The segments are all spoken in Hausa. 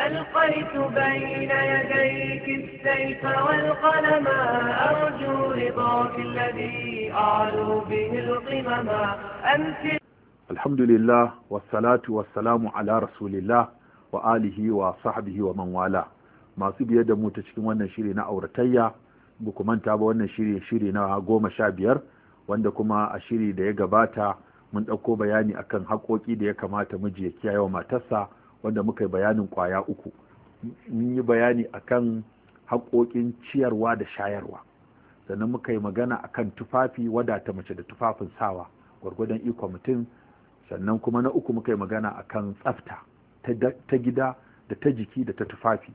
ألقيت بين يديك السيف والقلم أرجو رضاك الذي أعلو به القمم أنت الحمد لله والصلاة والسلام على رسول الله wa alihi wa sahbihi wa man wala masu biye da mu ta cikin wannan shiri na auratayya ba ku manta ba wannan shiri shiri na goma sha biyar wanda kuma a shiri da ya gabata mun ɗauko bayani akan haƙoƙi da ya kamata miji ya kiyaye wa matarsa wanda muka yi bayanin kwaya uku mun yi bayani akan haƙoƙin ciyarwa da shayarwa sannan muka yi magana akan tufafi wadata mace da tufafin sawa gwargwadon iko mutum sannan kuma na uku muka yi magana akan tsafta ta gida da ta jiki da ta tufafi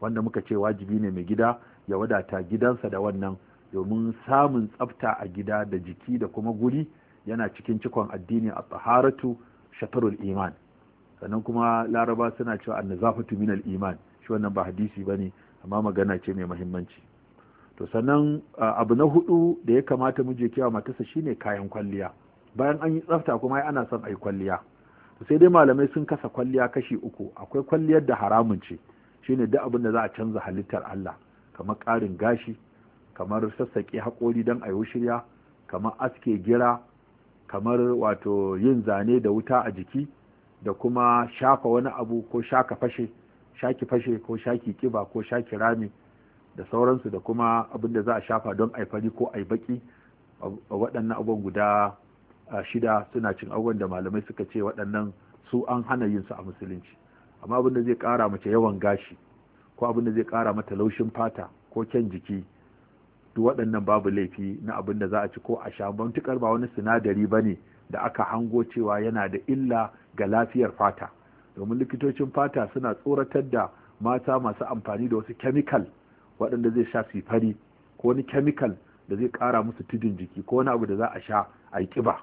wanda muka ce wajibi ne mai gida ya wadata gidansa da wannan domin samun tsafta a gida da jiki da kuma guri yana cikin cikon addini a tsaharatu shatarul iman sannan kuma laraba suna cewa annazafatu min iman shi wannan ba hadisi ba ne, amma magana ce mai mahimmanci to sannan abu na hudu da ya kamata mu je kiyawa matasa shine kayan kwalliya bayan an yi tsafta kuma ai ana son ai kwalliya sai dai malamai sun kasa kwalliya kashi uku akwai kwalliyar da haramun ce shine duk abin da za a canza halittar Allah kamar karin gashi kamar sassaƙe haƙori don a yi shirya kamar aske gira kamar wato yin zane da wuta a jiki da kuma shafa wani abu ko shaka fashe shaki fashe ko shaki kiba ko shaki rami da sauransu da kuma abin da za a shafa don aifari ko aibaki waɗannan abubuwan guda shida suna cin abubuwan da malamai suka ce waɗannan su an hana yin su a musulunci amma abin da zai ƙara mace yawan gashi ko abin da zai ƙara mata laushin fata ko kyan jiki duk waɗannan babu laifi na abin da za a ci ko a sha ba wani sinadari ba ne da aka hango cewa yana da illa ga lafiyar fata domin likitocin fata suna tsoratar da mata masu amfani da wasu kemikal waɗanda zai sha su fari ko wani kemikal da zai ƙara musu tudun jiki ko wani abu da za a sha a yi ƙiba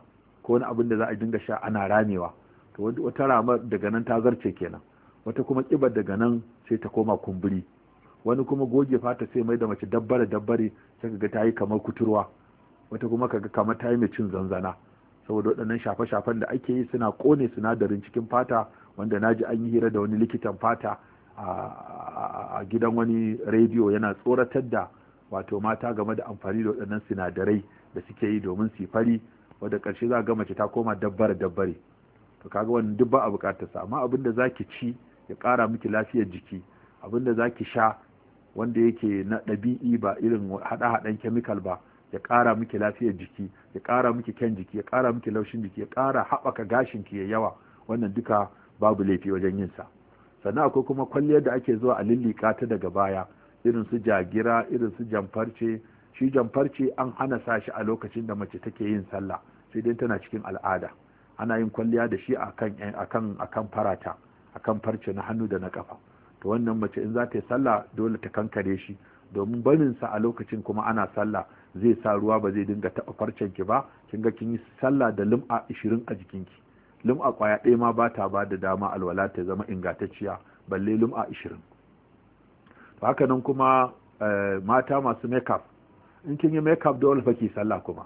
ko wani abin da za a dinga sha ana ramewa to wata ramar daga nan ta zarce kenan wata kuma ƙiba daga nan sai ta koma kumburi wani kuma goge fata sai mai da mace dabbare dabbare sai kaga ta yi kamar kuturwa wata kuma kaga kamar ta yi mai cin zanzana saboda waɗannan shafe-shafen da ake yi suna ƙone sinadarin cikin fata wanda na ji an yi hira da wani likitan fata a gidan wani rediyo yana tsoratar da wato mata game da amfani da waɗannan sinadarai da suke yi domin su fari wadda ƙarshe za ga mace ta koma dabbare dabbare to kaga wannan duk ba a buƙatar sa amma abin da zaki ci ya ƙara miki lafiyar jiki abin da zaki sha wanda yake na ɗabi'i ba irin haɗa-haɗan kemikal ba ya ƙara miki lafiyar jiki ya ƙara miki kyan jiki ya ƙara miki laushin jiki ya ƙara haɓaka gashin ki ya yawa wannan duka babu laifi wajen yin sa sannan akwai kuma kwalliyar da ake zuwa a lillika ta daga baya irin su jagira irin su jamfarce shi jamfarce an hana sa shi a lokacin da mace take yin sallah sai dai tana cikin al'ada ana yin kwalliya da shi akan akan akan farata akan farce na hannu da na kafa to wannan mace in za ta yi sallah dole ta kankare shi domin barinsa a lokacin kuma ana sallah zai sa ruwa ba zai dinga taɓa farcen ki ba kin ga kin yi sallah da lum'a 20 a jikinki lum'a kwaya ɗaya ma ba ta ba da dama alwala ta zama ingantacciya balle lum'a 20 to haka nan kuma eh, mata masu makeup in kin yi makeup dole fa ki sallah kuma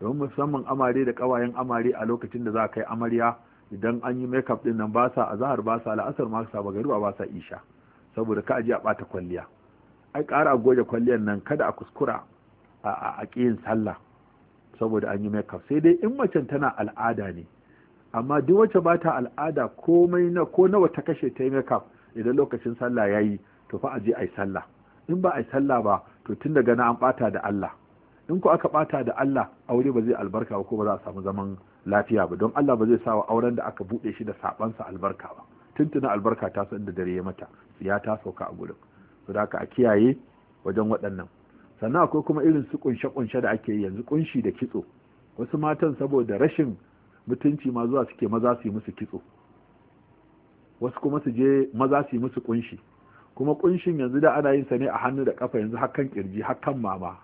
domin musamman amare da kawayen amare a lokacin da za ka kai amarya idan an yi makeup din nan ba sa azhar ba sa la'asar ma sa magariba ba sa isha saboda ka aje a bata kwalliya ai ƙara a goge kwalliyar nan kada a kuskura a ƙiyin sallah saboda an yi makeup sai dai in macen tana al'ada ne amma duk wacce ba ta al'ada komai na ko nawa ta kashe ta yi makeup idan lokacin sallah ya yi to fa a je a yi sallah in ba a yi sallah ba to tun daga na an ɓata da Allah in ko aka ɓata da Allah aure ba zai albarka ba ko ba za a samu zaman lafiya ba don Allah ba zai sa wa auren da aka buɗe shi da sabansa albarka ba tuntuna albarka ta san da dare ya mata ya ta sauka a gurin su da a kiyaye wajen waɗannan sannan akwai kuma irin su kunshe-kunshe da ake yanzu kunshi da kitso wasu matan saboda rashin mutunci ma zuwa suke maza su yi musu kitso wasu kuma su je maza su yi musu kunshi kuma kunshin yanzu da ana yin sa ne a hannu da kafa yanzu hakan kirji hakan mama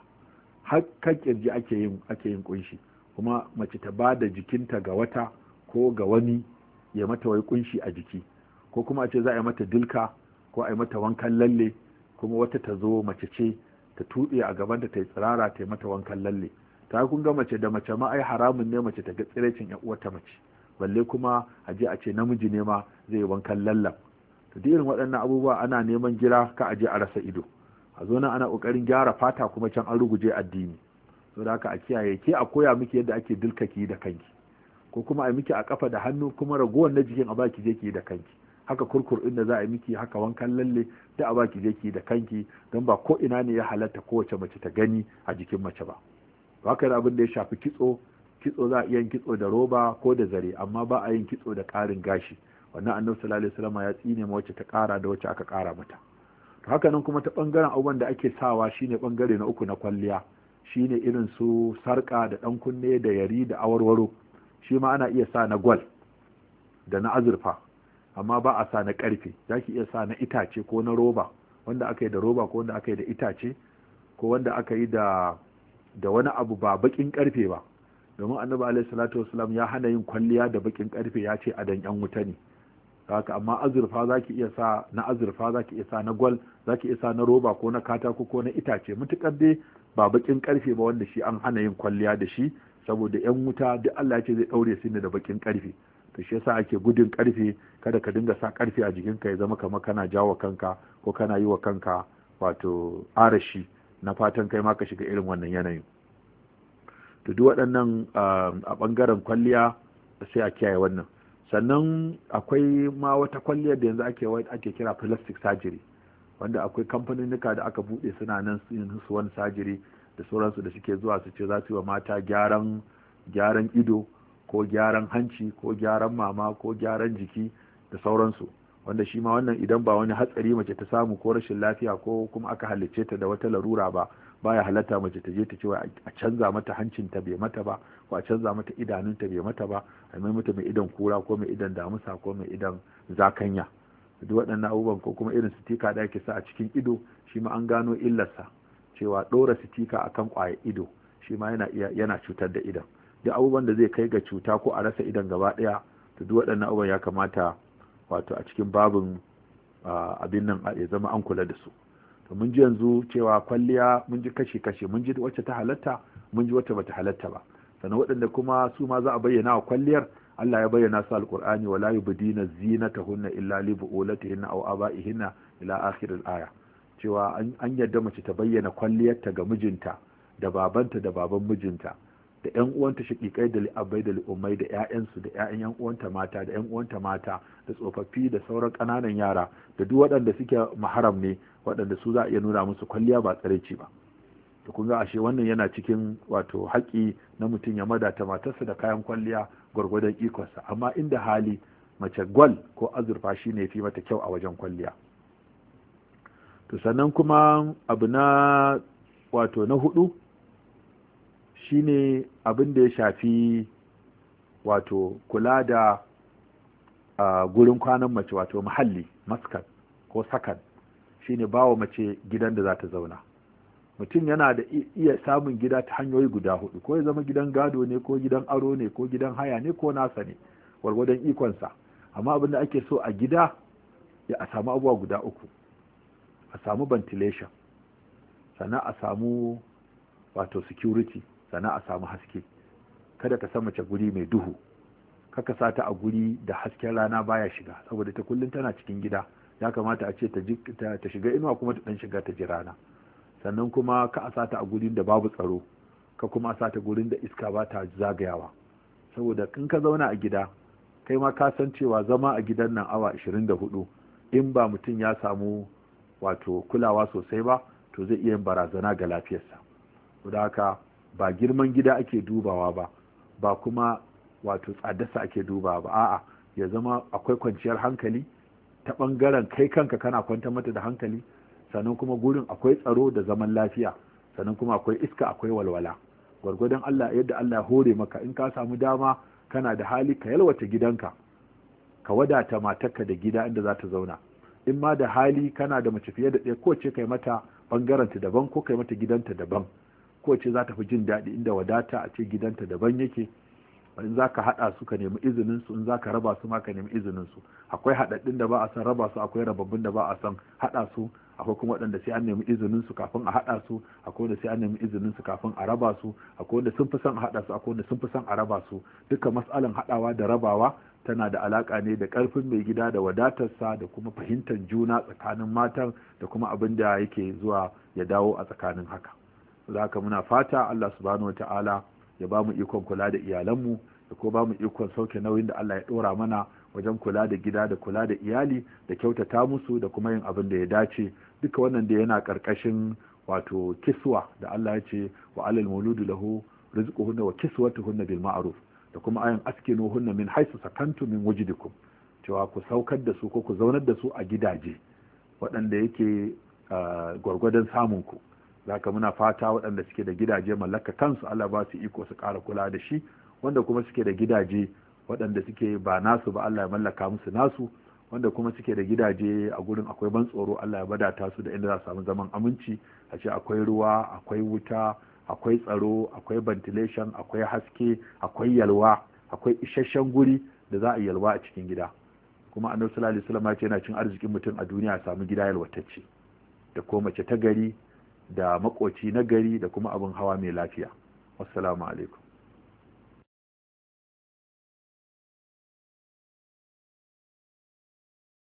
hakan kirji ake yin ake yin kunshi kuma mace ta ba da jikinta ga wata ko ga wani ya mata wai kunshi a jiki ko kuma a ce za a yi mata dilka ko a yi mata wankan lalle kuma wata ta zo mace ce ta tuɗe a gaban da ta yi tsirara ta yi mata wankan lalle ta kun ga mace da mace ma ai haramun ne mace ta ga tsirecin ya uwarta mace balle kuma a je a ce namiji ne ma zai yi wankan lallan to duk irin waɗannan abubuwa ana neman gira ka a je a rasa ido a zo nan ana ƙoƙarin gyara fata kuma can an ruguje addini so da haka a kiyaye ke a koya miki yadda ake dilkaki da kanki ko kuma a miki a kafa da hannu kuma ragowar na jikin a baki je ki da kanki haka kurkur inda za a yi miki haka wankan lalle da a baki je ki da kanki don ba ko ina ne ya halatta kowace mace ta gani a jikin mace ba haka da abin da ya shafi kitso kitso za a iya yin kitso da roba ko da zare amma ba a yin kitso da karin gashi wannan annabi sallallahu alaihi wasallam ya tsine ma wacce ta ƙara da wacce aka kara mata to haka nan kuma ta bangaren abubuwan da ake sawa shine bangare na uku na kwalliya shine irin su sarka da dan kunne da yari da awarwaro shi ma ana iya sa na gwal da na azurfa amma ba a sa na karfe za ki iya sa na itace ko na roba wanda aka yi da roba ko wanda aka yi da itace ko wanda aka yi da da wani abu ba bakin karfe ba domin annabi alaihi salatu wasalam ya hana yin kwalliya da bakin karfe ya ce a dan yan wuta ne haka amma azurfa zaki iya sa na azurfa zaki iya sa na gwal zaki iya sa na roba ko na katako ko na itace mutukar dai ba bakin ƙarfe ba wanda shi an hana yin kwalliya da shi saboda yan wuta duk Allah ya ce zai daure su ne da bakin karfe to shi yasa ake gudun karfe kada ka dinga sa karfe a jikinka ya zama kamar kana jawo kanka ko kana yi wa kanka wato arashi na fatan kai ma ka shiga irin wannan yanayin to duk waɗannan um, a ɓangaren kwalliya sai a kiyaye wannan sannan akwai ma wata kwalliyar da yanzu ake ake kira plastic surgery wanda akwai kamfaninnika da aka buɗe suna nan yin su wani surgery da sauransu da suke zuwa su ce za su yi wa mata gyaran gyaran ido ko gyaran hanci ko gyaran mama ko gyaran jiki da sauransu wanda shi ma wannan idan ba wani hatsari mace ta samu ko rashin lafiya ko kuma aka halicce ta da wata larura ba baya halatta mace ta je ta cewa a canza mata hancin ta bai mata ba ko a canza mata idanunta bai mata ba a mai mata mai idan kura ko mai idan damusa ko mai idan zakanya duk waɗannan abubuwan ko kuma irin sitika da ake sa a cikin ido shi ma an gano illarsa cewa ɗora sitika akan ƙwayar ido shi ma yana cutar da idan duk abubuwan da zai kai ga cuta ko a rasa idan gaba ɗaya to duk waɗannan abubuwan ya kamata wato a cikin babin abin nan ya zama an kula da su to mun ji yanzu cewa kwalliya mun ji kashi kashi mun ji wacce ta halatta mun ji wacce bata halatta ba sannan waɗanda kuma su ma za a bayyana wa kwalliyar Allah ya bayyana su alqur'ani wala yubdina zinatahunna illa li bu'ulatihinna aw aba'ihinna ila akhir al-aya cewa an yadda mace ta bayyana kwalliyarta ga mijinta da babanta da baban mijinta da yan uwanta shakikai da abai da li'ummai da ƴaƴansu da ƴaƴan yan uwanta mata da yan uwanta mata da tsofaffi da sauran ƙananan yara da duk waɗanda suke maharam ne waɗanda su za a iya nuna musu kwalliya ba tsaraici ba to kun ga ashe wannan yana cikin wato haƙƙi na mutum ya madata matarsa da kayan kwalliya gwargwadon ikonsa amma inda hali mace gwal ko azurfa shi ne fi mata kyau a wajen kwalliya to sannan kuma abu na wato na hudu shine abin da ya shafi wato kula da gurin kwanan mace wato muhalli maskat ko sakan shine bawa mace gidan da za ta zauna mutum yana da iya samun gida ta hanyoyi guda hudu ko ya zama gidan gado ne ko gidan aro ne ko gidan haya ne ko nasa ne gwargwadon ikonsa amma abin da ake so a gida ya a samu abubuwa guda uku a samu ventilation sannan a samu wato security sana'a samu haske kada ka sa mace guri mai duhu kaka sata a guri da hasken rana baya shiga saboda ta kullun tana cikin gida ya kamata a ce ta ta shiga inuwa kuma ta dan shiga ta ji rana sannan kuma ka a a gurin da babu tsaro ka kuma a gurin da iska ba ta zagayawa saboda in ka zauna a gida kai ma ka san cewa zama a gidan nan awa 24 in ba mutum ya samu wato kulawa sosai ba to zai iya yin barazana ga lafiyarsa. Saboda haka ba girman gida ake dubawa ba ba kuma wato tsadarsa ake dubawa ba a'a ya zama akwai kwanciyar hankali ta ɓangaren kai kanka kana kwantar mata da hankali sannan kuma gurin akwai tsaro da zaman lafiya sannan kuma akwai iska akwai walwala gwargwadon Allah yadda Allah hore maka in ka samu dama kana da hali ka yalwata gidanka ka wadata matarka da gida inda za ta zauna in ma da hali kana da mace fiye da ɗaya ko ce kai mata ɓangaranta daban ko kai mata gidanta daban kowace za ta fi jin daɗi inda wadata a ce gidanta daban yake in za ka haɗa su ka nemi izinin su in za ka raba su ma ka nemi izinin su akwai haɗaɗɗun da ba a san raba su akwai rababbin da ba a san haɗa su akwai kuma waɗanda sai an nemi izinin su kafin a haɗa su akwai wanda sai an nemi izinin su kafin a raba su akwai wanda sun fi son a haɗa su akwai wanda sun fi son a raba su duka matsalan haɗawa da rabawa tana da alaƙa ne da ƙarfin mai gida da wadatarsa da kuma fahimtar juna tsakanin matan da kuma abin da yake zuwa ya dawo a tsakanin haka zaka muna fata Allah subhanahu wa ta'ala ya ba mu ikon kula da iyalanmu da ko ba mu ikon sauke nauyin da Allah ya dora mana wajen kula da gida da kula da iyali da kyautata musu da kuma yin abin da ya dace duka wannan da yana karkashin wato kiswa da Allah ya ce wa alal muludu lahu rizquhunna wa kiswatuhunna bil ma'ruf da kuma ayan askinuhunna min haythu sakantum min wujdikum cewa ku saukar da su ko ku zaunar da su a gidaje waɗanda yake ah, gwargwadon samun ku zaka muna fata waɗanda suke da gidaje mallaka kansu Allah ba su iko su ƙara kula da shi wanda kuma suke da gidaje waɗanda suke ba nasu ba Allah ya mallaka musu nasu wanda kuma suke da gidaje a gurin akwai ban tsoro Allah ya badata su da inda za su samu zaman aminci a ce akwai ruwa akwai wuta akwai tsaro akwai ventilation akwai haske akwai yalwa akwai isasshen guri da za a yalwa a cikin gida kuma annabi sallallahu alaihi wasallam ya ce yana cin arzikin mutum a duniya ya samu gida yalwatacce da ko mace ta gari da makoci na gari da kuma abin hawa mai lafiya wassalamu alaikum